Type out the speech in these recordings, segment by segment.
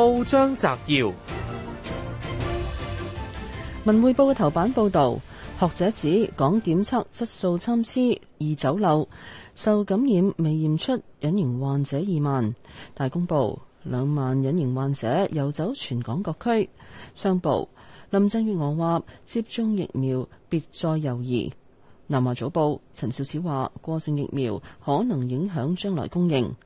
報章摘要：文匯報嘅頭版報道，學者指港檢測質素參差，易走漏，受感染未驗出隱形患者二萬。大公報兩萬隱形患者游走全港各區。商報林鄭月娥話：接種疫苗別再猶疑。南華早報陳肇始話：過剩疫苗可能影響將來供應。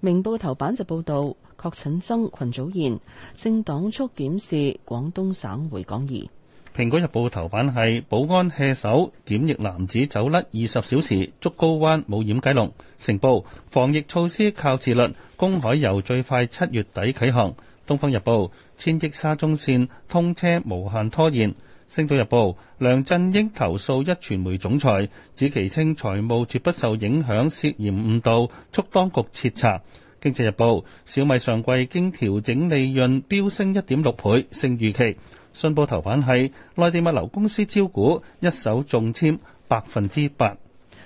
明報嘅頭版就報道。確診增群組現，政黨速檢視，廣東省回港易。《蘋果日報》頭版係保安卸手檢疫男子走甩二十小時，竹篙灣冇掩雞籠。成報防疫措施靠自律，公海遊最快七月底啟航。《東方日報》千億沙中線通車無限拖延。《星島日報》梁振英投訴一傳媒總裁，指其稱財務絕不受影響，涉嫌誤導，促當局徹查。《經濟日報》小米上季經調整利潤飆升一點六倍，勝預期。信報頭版係內地物流公司招股，一手中籤百分之八。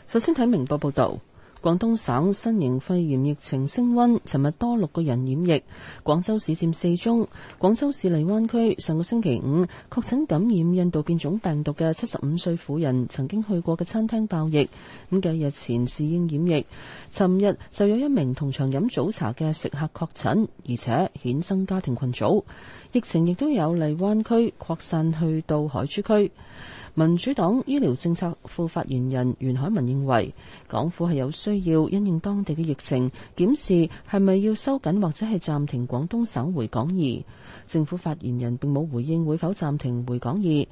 首先睇明報報道。廣東省新型肺炎疫情升温，尋日多六個人染疫，廣州市佔四宗。廣州市荔灣區上個星期五確診感染印度變種病毒嘅七十五歲婦人，曾經去過嘅餐廳爆疫，咁幾日前侍應染疫。尋日就有一名同場飲早茶嘅食客確診，而且衍生家庭群組。疫情亦都有荔灣區擴散去到海珠區。民主黨醫療政策副發言人袁海文認為，港府係有需要因應當地嘅疫情，檢視係咪要收緊或者係暫停廣東省回港易。政府發言人並冇回應會否暫停回港易，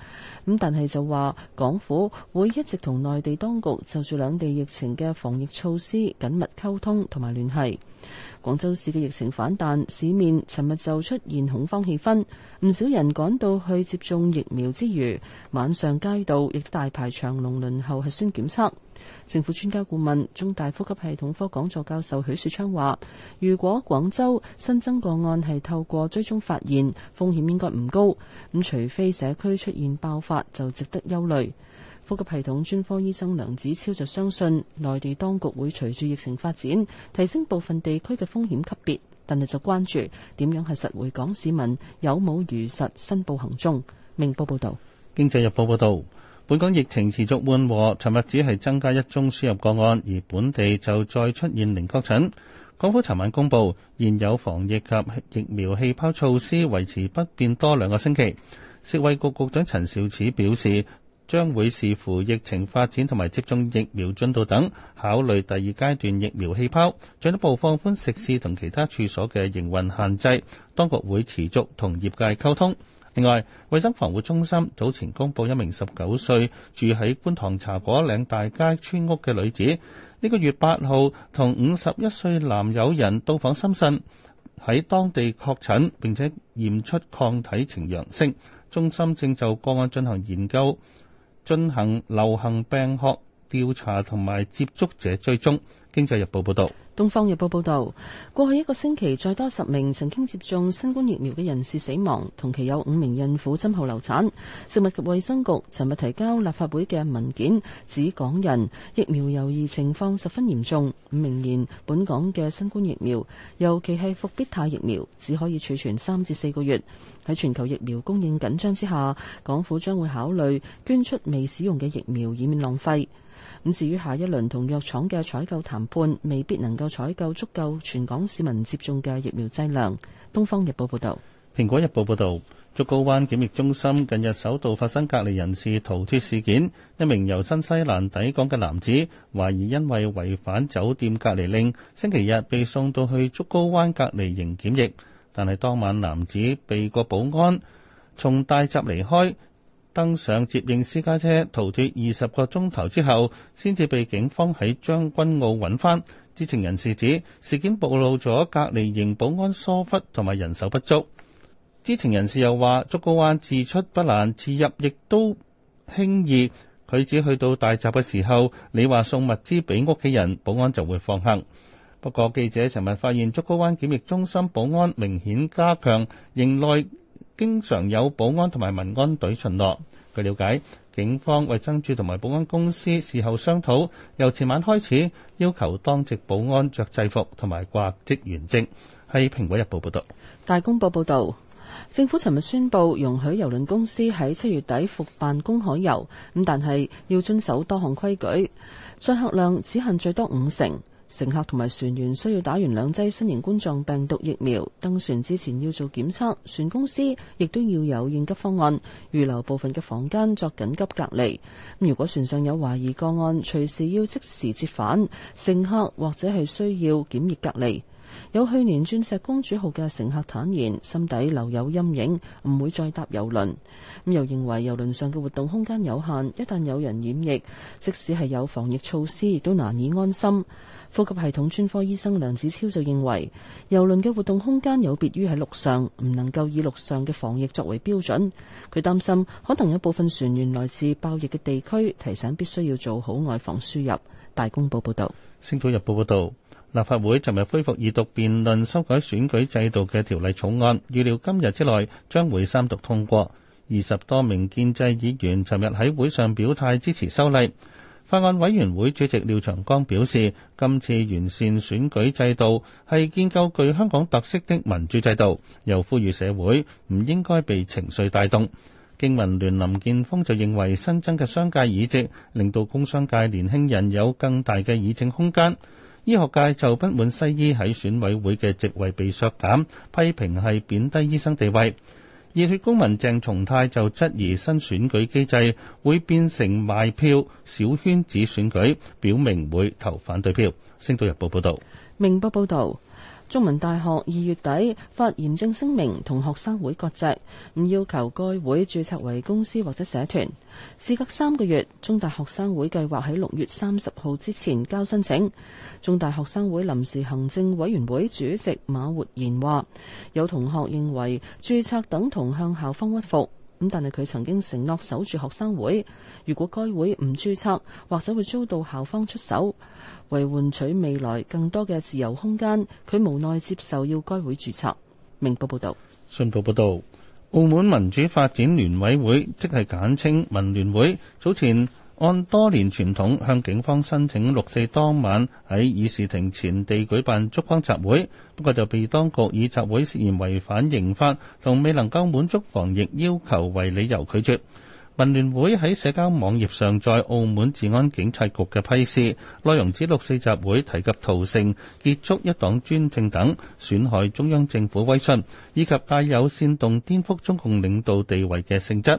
咁但係就話，港府會一直同內地當局就住兩地疫情嘅防疫措施緊密溝通同埋聯繫。廣州市嘅疫情反彈，市面尋日就出現恐慌氣氛，唔少人趕到去接種疫苗之餘，晚上街道亦大排長龍輪候核酸檢測，政府專家顧問中大呼吸系統科講座教授許樹昌話，如果廣州新增個案係透過追蹤發現風險應該唔高，咁除非社區出現爆發就值得憂慮。呼吸系統專科醫生梁子超就相信，內地當局會隨住疫情發展提升部分地區嘅風險級別，但係就關注點樣核實回港市民有冇如實申報行蹤。明報報道。《經濟日報》報道，本港疫情持續緩和，尋日只係增加一宗輸入個案，而本地就再出現零確診。港府尋晚公布現有防疫及疫苗氣泡措施維持不變多兩個星期。食衛局局長陳肇始表示。將會視乎疫情發展同埋接種疫苗進度等，考慮第二階段疫苗氣泡，進一步放寬食肆同其他處所嘅營運限制。當局會持續同業界溝通。另外，衞生防護中心早前公佈一名十九歲住喺觀塘茶果嶺大街村屋嘅女子，呢個月八號同五十一歲男友人到訪深圳，喺當地確診並且驗出抗體呈陽性。中心正就個案進行研究。進行流行病學。調查同埋接觸者追蹤。經濟日報報道，東方日報報道，過去一個星期再多十名曾經接種新冠疫苗嘅人士死亡，同期有五名孕婦針後流產。食物及衛生局尋日提交立法會嘅文件，指港人疫苗猶豫情況十分嚴重。明言本港嘅新冠疫苗，尤其係復必泰疫苗，只可以儲存三至四個月。喺全球疫苗供應緊張之下，港府將會考慮捐出未使用嘅疫苗，以免浪費。咁至於下一輪同藥廠嘅採購談判，未必能夠採購足夠全港市民接種嘅疫苗劑量。《東方日報》報導，《蘋果日報》報導，竹篙灣檢疫中心近日首度發生隔離人士逃脱事件，一名由新西蘭抵港嘅男子，懷疑因為違反酒店隔離令，星期日被送到去竹篙灣隔離營檢疫，但係當晚男子避過保安，從大閘離開。登上接應私家車，逃脱二十個鐘頭之後，先至被警方喺將軍澳揾返。知情人士指，事件暴露咗隔離營保安疏忽同埋人手不足。知情人士又話，竹篙灣自出不難，自入亦都輕易。佢指去到大閘嘅時候，你話送物資俾屋企人，保安就會放行。不過，記者尋日發現竹篙灣檢疫中心保安明顯加強，營內，經常有保安同埋民安隊巡邏。據了解，警方、衞生署同埋保安公司事後商討，由前晚開始要求當值保安着制服同埋掛職員證。係《蘋果日報》報道，《大公報》報道，政府尋日宣布容許郵輪公司喺七月底復辦公海遊，咁但係要遵守多項規矩，載客量只限最多五成。乘客同埋船員需要打完兩劑新型冠狀病毒疫苗，登船之前要做檢測。船公司亦都要有應急方案，預留部分嘅房間作緊急隔離。如果船上有懷疑個案，隨時要即時折返，乘客或者係需要檢疫隔離。有去年《鑽石公主號》嘅乘客坦言，心底留有陰影，唔會再搭郵輪。咁又認為郵輪上嘅活動空間有限，一旦有人染疫，即使係有防疫措施，亦都難以安心。呼吸系統專科醫生梁子超就認為，郵輪嘅活動空間有別於喺陸上，唔能夠以陸上嘅防疫作為標準。佢擔心可能有部分船員來自爆疫嘅地區，提醒必須要做好外防輸入。大公報報道。《星島日報》報道，立法會尋日恢復二讀辯論修改選舉制度嘅條例草案，預料今日之內將會三讀通過。二十多名建制議員尋日喺會上表態支持修例。法案委員會主席廖長江表示，今次完善選舉制度係建構具香港特色的民主制度，又呼籲社會唔應該被情緒帶動。經民聯林健鋒就認為，新增嘅商界議席令到工商界年輕人有更大嘅議政空間。醫學界就不滿西醫喺選委會嘅職位被削減，批評係貶低醫生地位。熱血公民鄭松泰就質疑新選舉機制會變成賣票小圈子選舉，表明會投反對票。星島日報報道，明報報道。中文大學二月底發嚴正聲明同學生會割席，唔要求該會註冊為公司或者社團。事隔三個月，中大學生會計劃喺六月三十號之前交申請。中大學生會臨時行政委員會主席馬活賢話：有同學認為註冊等同向校方屈服。咁但係佢曾經承諾守住學生會，如果該會唔注冊，或者會遭到校方出手，為換取未來更多嘅自由空間，佢無奈接受要該會注冊。明報報道，信報報道，澳門民主發展聯委會，即係簡稱民聯會，早前，按多年傳統，向警方申請六四當晚喺議事亭前地舉辦燭光集會，不過就被當局以集會涉嫌違反刑法同未能夠滿足防疫要求為理由拒絕。民聯會喺社交網頁上載澳門治安警察局嘅批示，內容指六四集會提及屠城、結束一黨專政等，損害中央政府威信，以及帶有煽動顛覆中共領導地位嘅性質。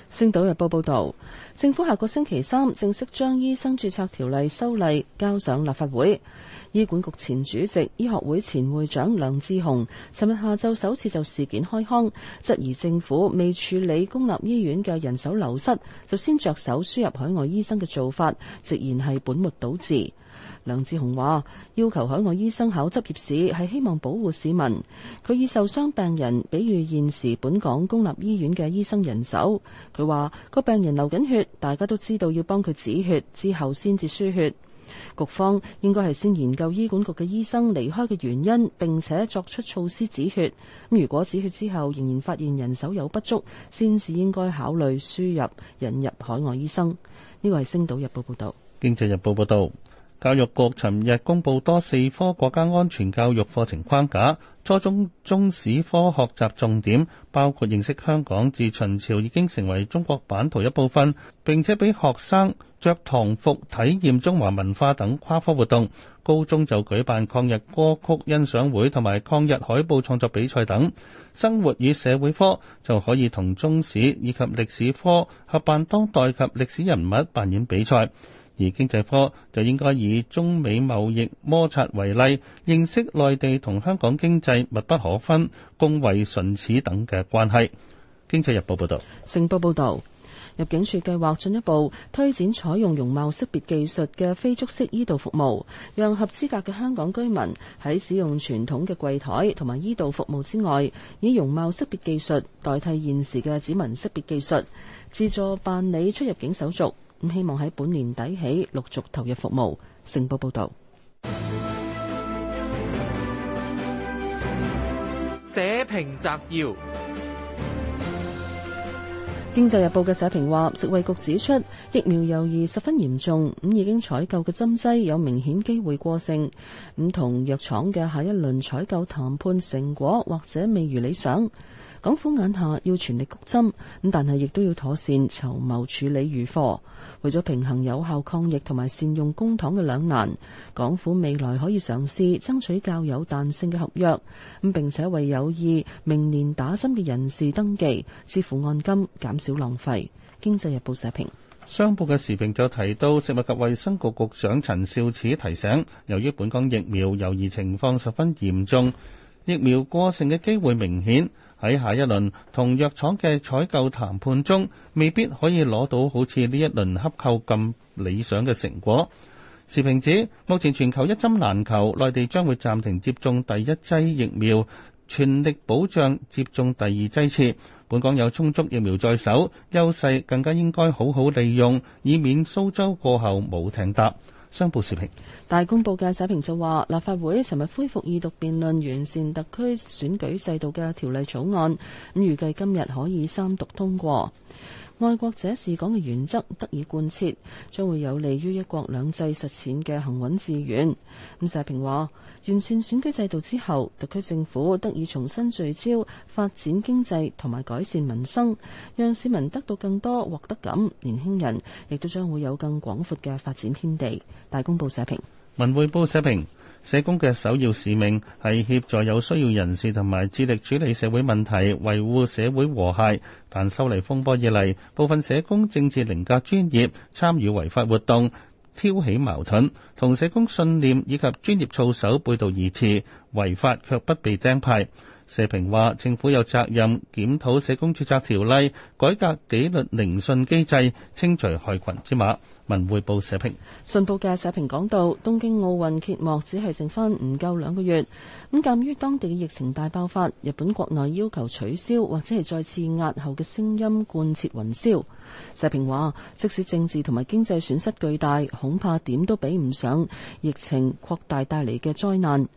星島日報報道，政府下個星期三正式將醫生註冊條例修例交上立法會。醫管局前主席、醫學會前會長梁志雄，尋日下晝首次就事件開腔，質疑政府未處理公立醫院嘅人手流失，就先着手輸入海外醫生嘅做法，直言係本末倒置。梁志雄話：要求海外醫生考執業試係希望保護市民。佢以受傷病人，比喻現時本港公立醫院嘅醫生人手，佢話個病人流緊血，大家都知道要幫佢止血，之後先至輸血。局方應該係先研究醫管局嘅醫生離開嘅原因，並且作出措施止血。咁如果止血之後仍然發現人手有不足，先至應該考慮輸入引入海外醫生。呢個係《星島日報》報導。《經濟日報》報導。教育局尋日公布多四科國家安全教育課程框架，初中中史科學習重點包括認識香港自秦朝已經成為中國版圖一部分，並且俾學生著唐服體驗中華文化等跨科活動；高中就舉辦抗日歌曲欣賞會同埋抗日海報創作比賽等。生活與社會科就可以同中史以及歷史科合辦當代及歷史人物扮演比賽。而經濟科就應該以中美貿易摩擦為例，認識內地同香港經濟密不可分、共惠唇齒等嘅關係。經濟日報報道，成報報導，入境處計劃進一步推展採用容貌識別技術嘅非觸式 e- 道服務，讓合資格嘅香港居民喺使用傳統嘅櫃台同埋 e- 道服務之外，以容貌識別技術代替現時嘅指紋識別技術，自助辦理出入境手續。咁希望喺本年底起陸續投入服務。成報報道，社評摘要。經濟日報嘅社評話，食衛局指出，疫苗猶豫十分嚴重，咁已經採購嘅針劑有明顯機會過剩，咁同藥廠嘅下一輪採購談判成果或者未如理想。港府眼下要全力谷針，咁但係亦都要妥善籌謀處理餘貨，為咗平衡有效抗疫同埋善用公帑嘅兩難，港府未來可以嘗試爭取較有彈性嘅合約，咁並且為有意明年打針嘅人士登記支付按金，減少浪費。經濟日報社評，商報嘅時評就提到，食物及衛生局局長陳肇始提醒，由於本港疫苗猶豫情況十分嚴重。疫苗過剩嘅機會明顯喺下一輪同藥廠嘅採購談判中，未必可以攞到好似呢一輪洽購咁理想嘅成果。時評指，目前全球一針難求，內地將會暫停接種第一劑疫苗，全力保障接種第二劑次。本港有充足疫苗在手，優勢更加應該好好利用，以免蘇州過後冇艇搭。商報視頻，大公報嘅社評就話，立法會尋日恢復二讀辯論完善特區選舉制度嘅條例草案，咁預計今日可以三讀通過。愛國者治港嘅原則得以貫徹，將會有利於一國兩制實踐嘅行穩致遠。咁社評話，完善選舉制度之後，特區政府得以重新聚焦發展經濟同埋改善民生，讓市民得到更多獲得感，年輕人亦都將會有更廣闊嘅發展天地。大公報社評，文匯報社評。社工嘅首要使命係協助有需要人士同埋致力處理社會問題，維護社會和諧。但修例風波以嚟，部分社工政治凌駕專業，參與違法活動，挑起矛盾，同社工信念以及專業操守背道而馳，違法卻不被釘牌。社評話，政府有責任檢討社工註冊條例，改革紀律聆訊機制，清除害群之馬。文匯報社評，信報嘅社評講到，東京奧運揭幕只係剩返唔夠兩個月，咁鑒於當地嘅疫情大爆發，日本國內要求取消或者係再次押後嘅聲音貫徹雲霄。石平話：即使政治同埋經濟損失巨大，恐怕點都比唔上疫情擴大帶嚟嘅災難。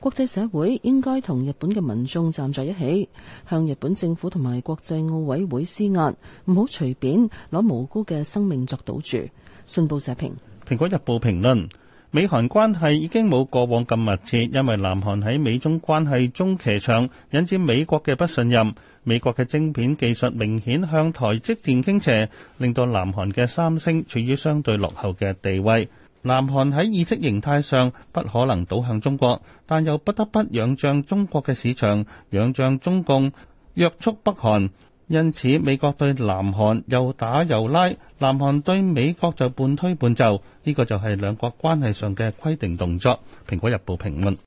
國際社會應該同日本嘅民眾站在一起，向日本政府同埋國際奧委會施壓，唔好隨便攞無辜嘅生命作賭注。信報社評，蘋果日報評論：美韓關係已經冇過往咁密切，因為南韓喺美中關係中騎牆，引致美國嘅不信任。美國嘅晶片技術明顯向台積電傾斜，令到南韓嘅三星處於相對落後嘅地位。南韓喺意識形態上不可能倒向中國，但又不得不仰仗中國嘅市場，仰仗中共約束北韓，因此，美國對南韓又打又拉，南韓對美國就半推半就。呢、這個就係兩國關係上嘅規定動作。《蘋果日報》評論。